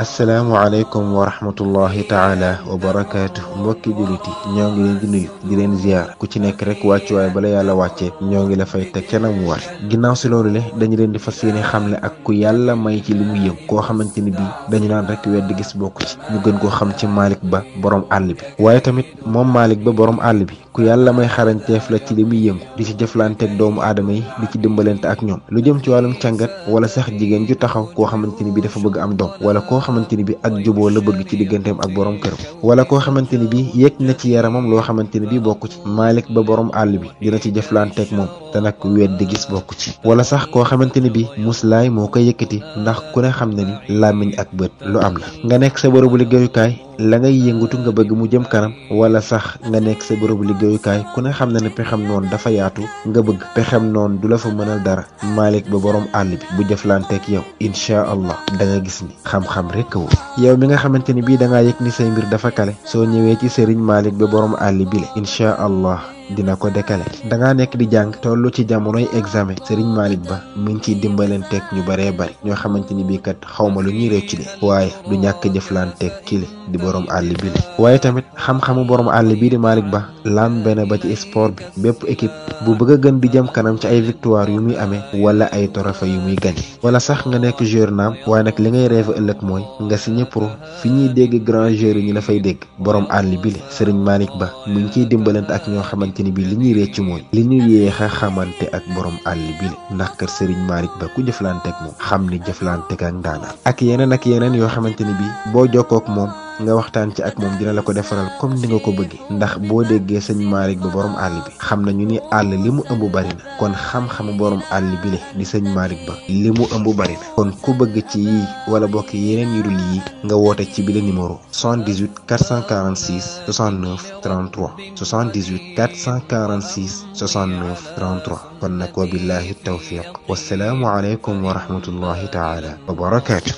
asalaamualeykum wa rahmatullahi taala wa barakaatu mbokki jullit ñoo ngi leen di nuyu di leen ziar ku ci nekk rek wàccuwaay bala yàlla wàccee ñoo ngi la fay teg ca nam war ginnaaw si loolu le dañu leen di fas yéene xamle ak ku yàlla may ci li mu yëm koo xamante ni bii dañu naan rek wedd gis bokk ci ñu gën koo xam ci Malick Ba borom àll bi waaye tamit moom Malick Ba borom àll bi ku yàlla may xarañteef la ci li muy yëngu di ci jëflanteeg doomu aadama yi di ci dimbalante ak ñoom lu jëm ci wàllum càngat wala sax jigéen ju taxaw koo xamante ni bi dafa bëgg am doom wala xamante ni bi ak juboo la bëgg ci digganteem ak borom këram wala koo xamante ni bi yëg na ci yaramam loo xamante ni bi bokk ci Malik ba borom àll bi dina ci jëflanteeg moom te nag weddi gis bokk ci wala sax koo xamante ni bi muslaay moo koy yëkkati ndax ku ne xam ne ni làmmiñ ak bët lu am la nga nekk sa bërëbu liggéeyukaay la ngay yëngatu nga bëgg mu jëm kanam wala sax nga nekk sa bërëbu liggéeyukaay ku ne xam ne ne pexem noonu dafa yaatu nga bëgg pexem noonu du la fa mënal dara Malick ba borom àll bi bu jëflanteeg yow incha allah da nga gis ni xam-xam rek woo yow mi nga xamante ni bii da ngaa yëg ni say mbir dafa kale soo ñëwee ci Serigne Malick ba borom àll bi la incha allah dina ko décaler dangaa nekk di jàng toll ci jamonoy examen Serigne Malick Ba mi ngi ciy dimbalanteeg ñu baree bari ñoo xamante ni bii kat xawma lu ñuy ci li waaye du ñàkk jëflanteeg kili di borom àll bi waaye tamit xam-xamu boroom àll bii di Malick Ba làmbe na ba ci sport bi bépp équipe bu bëgg a gën di jëm kanam ci ay victoire yu muy ame wala ay trophée yu muy gagné wala sax nga nekk joueur naam waaye nag li ngay rêve ëllëg mooy nga signé pro fi ñuy dégg grand joueur la fay dégg borom àll bi li Serigne Ba mi ngi ciy dimbalante ak ñoo xamante xamante ni bi li ñuy réccu mooy li ñuy yéex a xamante ak borom àll bi ndax kër Serigne Malick Ba ku jëflanteeg moom xam ni jëflante ak ndaanaan ak yeneen ak yeneen yoo xamante ni bi boo jokkook moom nga waxtaan ci ak moom dina la ko defaral comme ni nga ko bëgge ndax boo déggee sëñ Malick ba borom àll bi xam nañu ni àll li mu ëmb bari kon xam-xamu borom àll bi le di sëñ Malick ba li mu ëmb bari na kon ku bëgg ci yii wala bokk yeneen yu dul yii nga woote ci bile numéro 78 446 69 33 78 446 69 33 kon nag wa billahi tawfiq wasalaamu aleykum wa rahmatullahi taala wa barakaatu.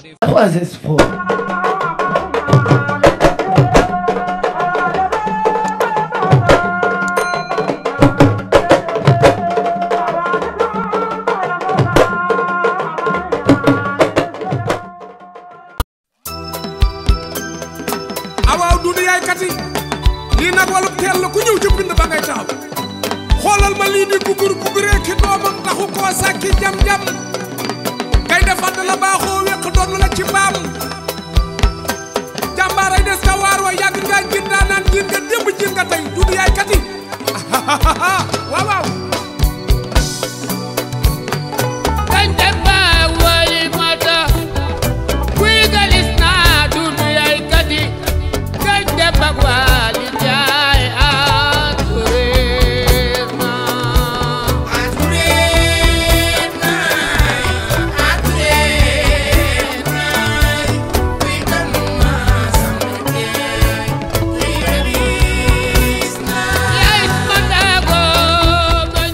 ha ha ha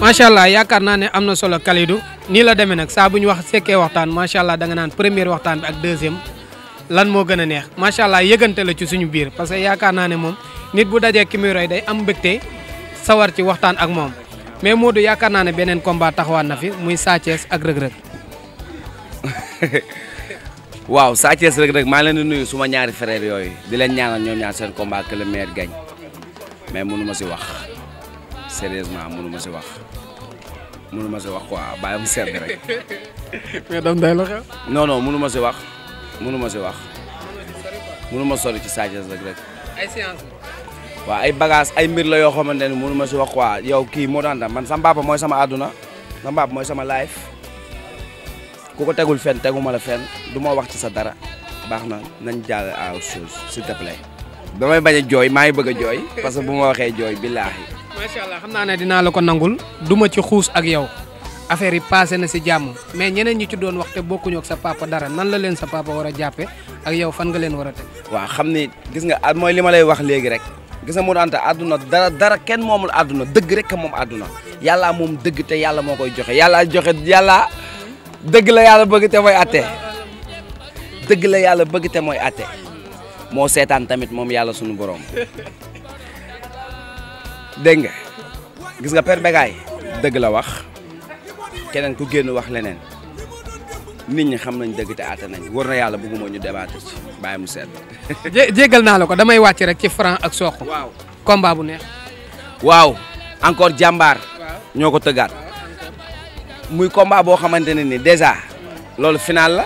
macha allah yaakaar naa ne am na solo Kalidou nii la demee nag saa bu ñu wax sekkee waxtaan macha allah danga nga naan première waxtaan bi ak deuxième lan moo gën a neex macha allah yëgante la ci suñu biir parce que yaakaar naa ne moom nit bu dajee ki muy roy day am mbégte sawar ci waxtaan ak moom mais moo Modou yaakaar naa ne beneen combat taxawaan na fi muy Sa Thiès ak Reug Reug waaw Sa Thiès Reug Reug maa leen di nuyu suma ñaari frères yooyu di leen ñaanal ñoom ñaar seen combat que le meilleur gagne mais mënu ma si wax. sérieusement mënu ma si wax mënu ma si wax quoi bàyyi mu sedd la xew. non mënu ma si wax mënu ma si wax mënu ma sori ci Sa Thiès rek rek. ay séance waaw ay bagage ay mbir la yoo xamante ne mënu ma si wax quoi yow kii moo daan man sama papa mooy sama àdduna sama papa mooy sama life ku ko tegul fenn teguma la fenn du ma wax ci sa dara baax na nañ jàll à autre chose s'il te plaît damay bañ a jooy maa ngi bëgg a jooy parce que bu ma waxee jooy billaahi macha allah xam naa ne dinaa la ko nangul du ma ci xuus ak yow affaire yi passé na si jàmm mais ñeneen ñi ci doon wax te bokkuñu ak sa papa dara nan la leen sa papa war a jàppe ak yow fan nga leen war a teg. waaw xam ni gis nga ah, mooy li ma lay wax léegi rek gis nga mu anta àdduna dara dara kenn moomul àdduna dëgg rek moom àdduna yàllaa moom dëgg te yàlla moo koy joxe yàllaa joxe yàlla dëgg la yàlla bëgg te mooy atte dëgg la yàlla bëgg mooy atte moo seetaan tamit moom yàlla suñu borom. dégg nga gis nga Père dëgg la wax keneen ku génn wax leneen nit ñi xam nañ dëgg te àtte nañ war na yàlla bëgguma ñu débattre ci bàyyi mu sedd. jéggal naa la ko damay wàcc rek ci Franc ak Sokh. waaw bu neex. waaw encore jàmbaar. ñoo ko tëggaat. muy combat boo xamante ne ni déjà loolu finaal la.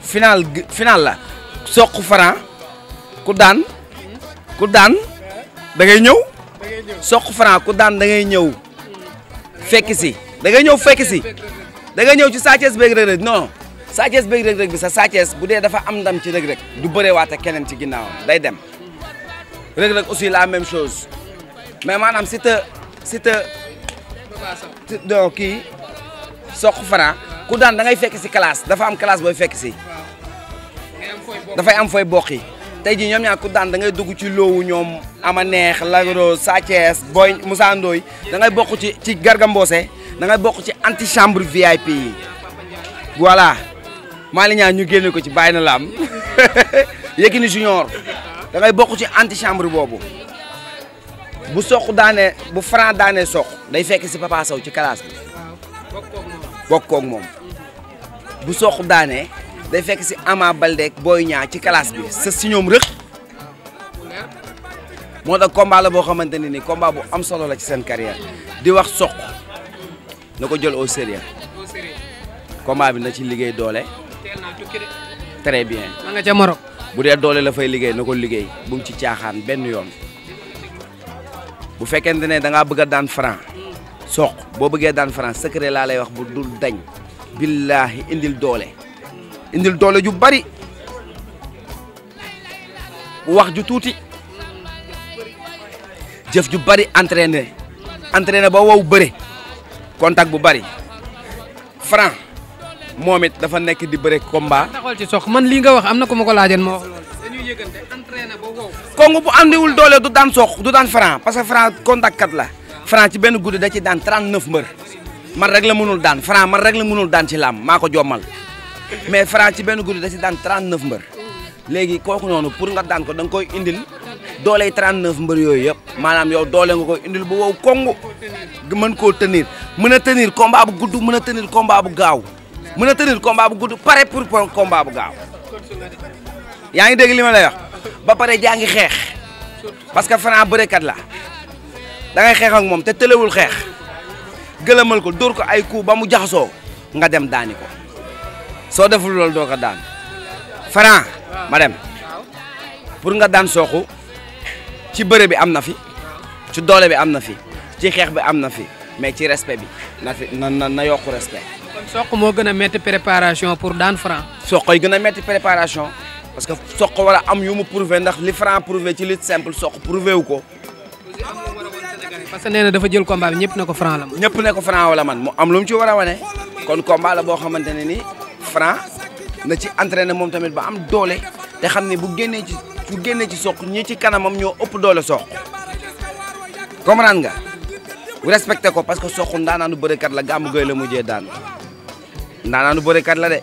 finaal final la Sokh Franc ku daan hmm. ku daan. da ngay ñëw. Sokh Franc ku daan da ngay ñëw fekk si da ngay ñëw fekk si ngay ñëw ci Sa Thiès beeg Reug Reug non Sa Thiès beeg Reug Reug bi sa Sa bu dee dafa am ndam ci Reug Reug du bëreewaat ak keneen ci ginnaawam day dem Reug Reug aussi la même chose mais maanaam si te si te don kii Sokh Franc ku daan da ngay fekk si classe dafa am classe booy fekk si dafay am fooy bokk yi tey jii ñoom ñaar ku daan da ngay dugg ci loowu ñoom ama neex lagro Sa Thiès Boy Moussa Ndoye da ngay bokk ci ci Garga Mbossé da ngay bokk ci antichambre VIP yi voilà Malick Niang ñu génne ko ci bàyyi na la am Yékini Junior da ngay bokk ci antichambre boobu bu soq daanee bu franc daane sok day fekk si Papa Sow ci classe bi bokk koog bu soq daanee day fekk si Ama Baldé booy Niang ci classe bi sa si ñoom rëq moo tax combat la boo xamante ne ni combat bu am solo la ci seen carrière di wax soq na ko jël au sérieux bi na ci liggéey doole tere bien ma ca Maroc bu dee doole la fay liggéey na ko liggéey bu mu ci caaxaan benn yoon bu fekkente ne da ngaa bëgg daan franc soq boo bëggee daan franc secret laa lay wax bu dul dañ billaahi indil doole indil doole ju bari wax ju tuuti jëf ju bari entraîné entraîné ba wow bëre contact bu bari franc moom it dafa nekk di bëre combat. taxawal ci sox man lii nga wax am na ku ma ko laajeen ma wax loolu. dañuy yëgante entraîné ba doole du daan sox du daan franc parce que franc contact kat la franc ci benn guddi da ci daan 39 mbër man rek la mënul daan franc man rek la mënul daan ci làmb maa ko jommal. mais Franc ci benn guddi da si daan 39 mbër. léegi kooku noonu pour nga daan ko da koy indil doole dooley 39 mbër yooyu yëpp maanaam yow doole nga koy indil bu wow kongu mën koo tenir mën a tenir combat bu gudd mën a tenir combat bu gaaw mën a tenir combat bu gudd pare pour combat bu gaaw yaa ngi dégg li ma lay wax ba pare jaa ngi xeex parce que Franc bërekat la da ngay xeex ak moom te tëlewul xeex gëlëmal ko dóor ko ay coup ba mu jaxasoo nga dem daani ko. soo deful loolu doo ko daan Franc ma pour nga daan sooko ci bëre bi am na fi ci doole bi am na fi ci xeex bi am na fi mais ci respect bi na fi na na na yokku respect. moo gën a métti préparation pour daan Franc. Sokh yi gën a métti préparation parce que Sokh war am yu mu prouvé ndax li Franc prouvé ci lutte simple Sokh prouvé wu ko. parce que nee na dafa jël combat bi ñëpp ne ko Franc la. ñëpp ne ko wala man mu am lu ci war a wane kon combat la boo xamante ne nii. franc na ci entraîné moom tamit ba am doole te xam ne bu génnee ci bu génnee ci soq ñi ci kanamam ñoo ëpp doole soq comprendre nga respecté ko parce que soq ndaanaanu bërekat la gàmmu gay la mujjee daan ndaanaanu bërekat la de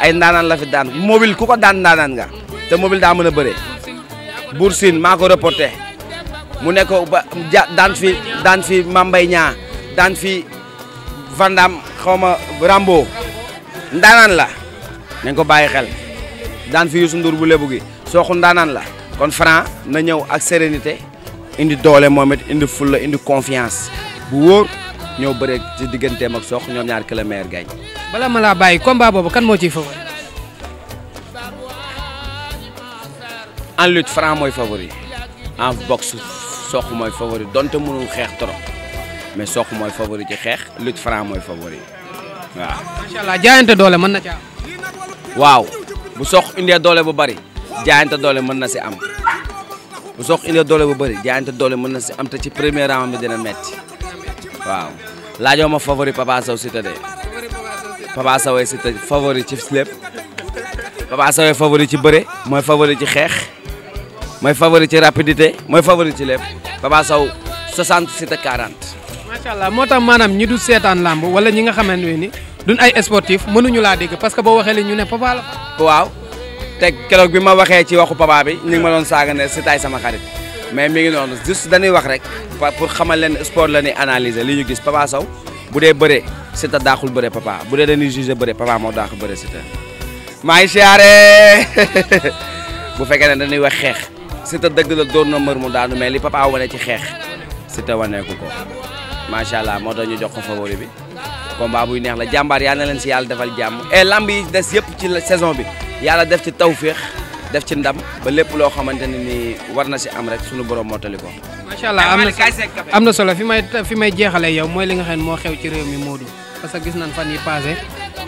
ay ndaanaan la fi daan mobile ku ko daan ndaanaan nga te mobile daa mën a bëre Bour maa ko reporté mu nekk ba daan fi daan fi Mambay ñaa daan fi Vandam xaw ma ndaanaan la nañ ko bàyyi xel daan fi Youssou Ndour bu lebu gi ndaanaan la kon Franc na ñëw ak sérénité indi doole moom it indi fulla indi confiance bu wóor ñëw bëre ci digganteem ak soox ñoom ñaar kilomètre gañ bala ma laa bàyyi combat boobu kan moo ciy favori en lutte Franc mooy favori en boxe soox mooy favori donte mënul xeex trop mais soox mooy favori ci xeex lutte mooy favori waaw. macha allah jaayante doole mën na ci waaw bu sox indee doole bu bari jaayante doole mën na si am bu sox indee doole bu bari jaayante doole mën na si am te ci premier round bi dina metti waaw laajoo ma favori Papa Sow Siteu de Papa Sow Siteu favori ci lépp Papa favori ci bëre mooy favori ci xeex mooy favori ci rapidité mooy favori ci lépp Papa Sow 60 Siteu moo tax maanaam ñi du seetaan làmb wala ñi nga xamante ne ni. duñ ay sportif mënuñu laa dégg parce que boo waxee li ñu ne papa waaw teg keloog bi ma waxee ci waxu papa bi ñu ma doon saaga ne si taay sama xarit mais mi ngi noonu danuy wax rek pour xamal leen sport la ñuy analyser li ñu gis papa saw bu dee bëre si ta daaxul bëree papa bu dee dañuy jugé bëree papa moo daaxul bëree si ta maa ngi siyaare bu fekkee ne dañuy wax xeex si ta dëgg la door na mër mu daanu mais li papa wane ci xeex si ta waneeku ko macha allah moo tax ñu jox ko favori bi. combat buy neex la jàmbaar yal na leen si yàlla defal jàmm et eh, lamb yi des yëpp ci saison bi yàlla def ci tawféex def ci ndam ba lépp loo xamante ne ni war na si am rek sunu borom mottali ko. macha allah am na am na solo fi may fi may jeexalee yow mooy li nga xam ne moo xew ci réew mi moo parce que gis nañ fan yi passé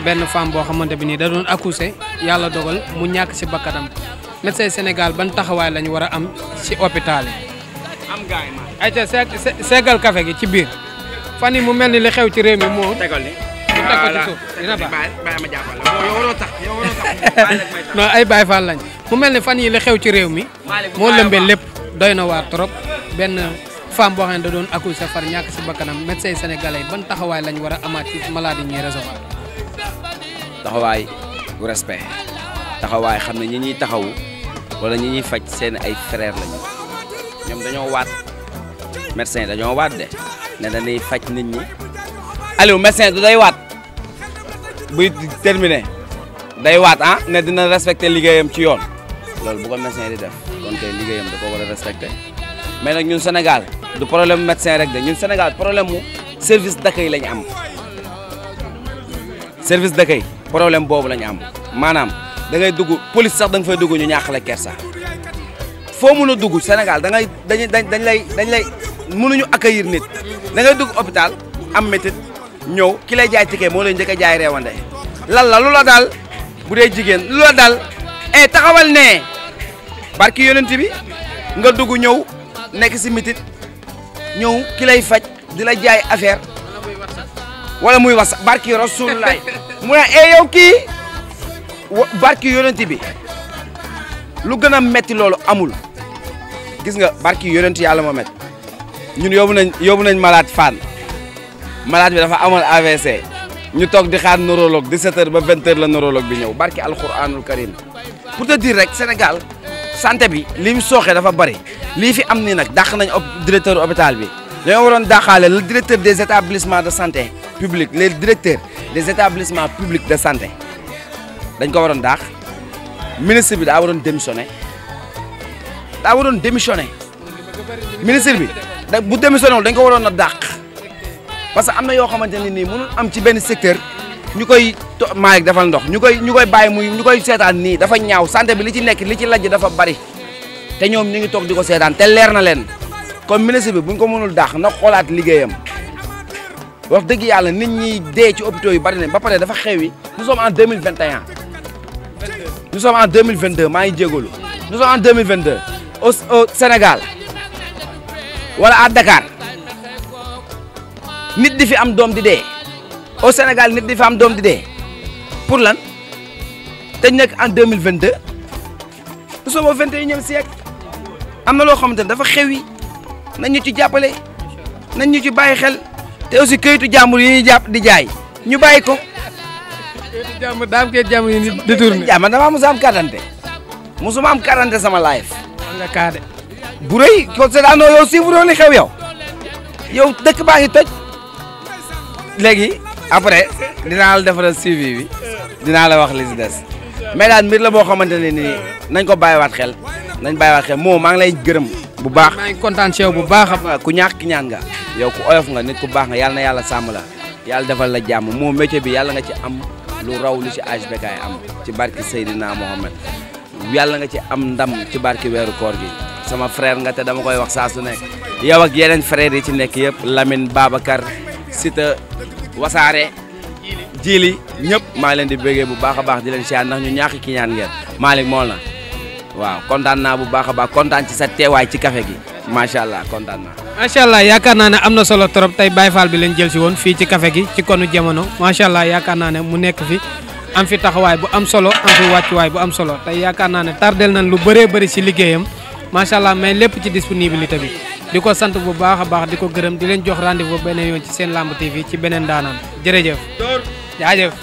benn femme boo xamante bi nii da doon accouché yàlla dogal mu ñàkk si bakkanam médecin Sénégal ban taxawaay la ñu war a am si hôpital yi. am gaay ma. ayca ci biir. fan yi mu mel ni li xew ci réew mi moo. tegal ni mu teg ko ci suuf dina baax bàyyi ay Baye Fall lañ mu mel ni fan yi li xew ci réew mi moo lëmbee lépp doy na waat trop benn femme boo xam ne da doon akul sa far ñàkk si bakkanam médecin sénégalais ban taxawaay lañ war a amaat ci maladie ñuy taxawaay respect taxawaay xam ne ñi ñuy taxawu wala ñi ñuy faj seeni ay frère lañu ñoom dañoo waat médecin dañoo waat de ne dañuy faj nit ñi Aliou médecin du day waat buy terminé day waat ah ne dina respecté liggéeyam ci yoon loolu bu ko médecin di def kon kay liggéeyam da ko war a respecté mais nag ñun senegal du problème médecin rek de ñun senegal problème mu service d'accueil lañu am service d'accueil problème boobu lañ am maanaam da ngay dugg police sax da nga fay dugg ñu ñaaxale kersa foo mun a dugg Sénégal da dañ lay mënuñu accueillir nit da ngay dugg hôpital am métit ñëw ki jaay ticket moo lay njëkk a jaay reewande lan la lu la daal bu dee jigéen lu la daal e eh, taxawal nee barki yonent bi nga dugg ñëw nekk si métit ñëw ki lay faj di la jaay affaire wala muy wax barki rasulullah mu ne e yow barki yonent bi lu gën a metti loolu amul gis nga barki yonent yàlla moo met ñun yóbbu nañ yóbbu nañ malaat Fann malade bi dafa amoon AVC ñu toog di xaar neurologue 17h ba 20 la neurologue bi ñëw barki alxuraanul karim pour te dire rek Sénégal santé bi li mu sooxee dafa bëri lii fi am nii nag dàq nañ directeur hôpital bi dañoo waroon dàqaale le directeur des établissements de santé public le directeur des établissements publics de santé dañ ko waroon dàq ministre bi daa waroon démissionné daa waroon démissionné ministre bi. da bu démissionné dañ ko waroon a dàq parce que am na yoo xamante ne nii mënul am ci benn secteur ñu koy maay defal ndox ñu koy ñu koy bàyyi muy ñu koy seetaan nii dafa ñaaw santé bi li ci nekk li ci lajj dafa bari te ñoom ñu ngi toog di ko seetaan te leer na leen kon ministre bu ñu ko mënul dàq na xoolaat liggéeyam wax dëgg yàlla nit ñi dee ci hôpitaux yu bari nañ ba pare dafa xewi nous sommes en 2021 nous sommes en 2022 maa ngi jégalu nous sommes en 2022 au Sénégal wala à Dakar nit di fi am doom di dee au Sénégal nit di fi am doom di dee pour lan te ñu nekk en deux mille vingt deux nous sommes au vingt et am na loo xamante ne dafa xew yi nañ ñu ci jàppale nañ ñu ci bàyyi xel te aussi këyitu jàmbur yi ñuy jàpp di jaay ñu bàyyi ko. këyitu jàmbur daa am këyitu jàmbur yi nit détourné. jàmm damaa mos a am carte d'identité am carte sama life. am nga carte bu rëy kon seetaanoo yow suivre li xew yow yow dëkk baa ngi toj léegi après dinaa la defaral suivi bi dinaa la wax li des mais daal mbir la boo xamante ne nii nañ ko bàyyiwaat xel nañ bàyyiwaat xel moom maa ngi lay gërëm bu baax. maa ngi kontaan bu baax a ku ñàkk ñaan nga. yow ku oyof nga nit ku baax nga yàlla na yàlla sàmm la yàlla defal la jàmm moo métier bi yàlla nga ci am lu raw lu ci HBK am ci barke Seydina Mohamed yàlla nga ci am ndam ci barke weeru koor gi. sama frère nga te dama koy wax saa su nekk yow ak yeneen frères yi ci nekk yëpp Lamine Babacar Sita Wasaare Jili ñëpp maa leen di bëggee bu baax baax di leen siyaar ndax ñu ñaax ki ñaan ngeen Malick mool na waaw kontaan naa bu baax a baax kontaan ci sa teewaay ci kafe gi macha allah kontaan naa. macha allah yaakaar naa ne am na solo trop tey Baye Fall bi leen jël si woon fii ci kafe gi ci konu jamono macha allah yaakaar naa ne mu nekk fi. am fi taxawaay bu am solo am fi bu am solo tey yaakaar naa ne tardel nañ lu bëree bëri si liggéeyam macha allah mais lépp ci disponibilité bi di ko sant bu baax a baax di ko gërëm di leen jox rendez-vous beneen yoon ci seen lamb TV ci beneen daanaan jërëjëf jaajëf